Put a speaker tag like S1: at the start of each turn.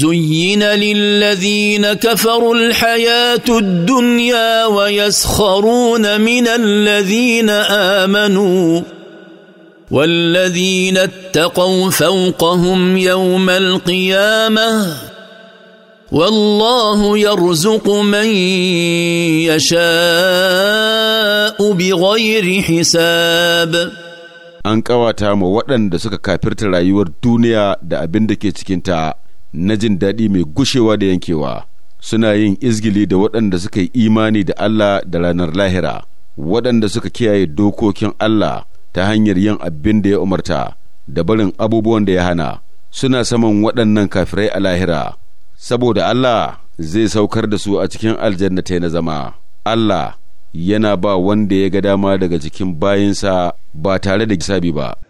S1: زين للذين كفروا الحياه الدنيا ويسخرون من الذين امنوا والذين اتقوا فوقهم يوم القيامه والله يرزق من يشاء بغير حساب
S2: an ƙawata ma waɗanda suka kafirta rayuwar duniya da abin cikinta na jin daɗi mai gushewa da yankewa suna yin izgili da waɗanda suka yi imani da Allah da ranar lahira waɗanda suka kiyaye dokokin Allah ta hanyar yin abin da ya umarta da barin abubuwan da ya hana suna saman waɗannan kafirai a lahira saboda Allah zai saukar da su a cikin aljannatai na zama Allah yana ba wanda ya ga dama daga cikin bayansa ba tare da gisabi
S3: ba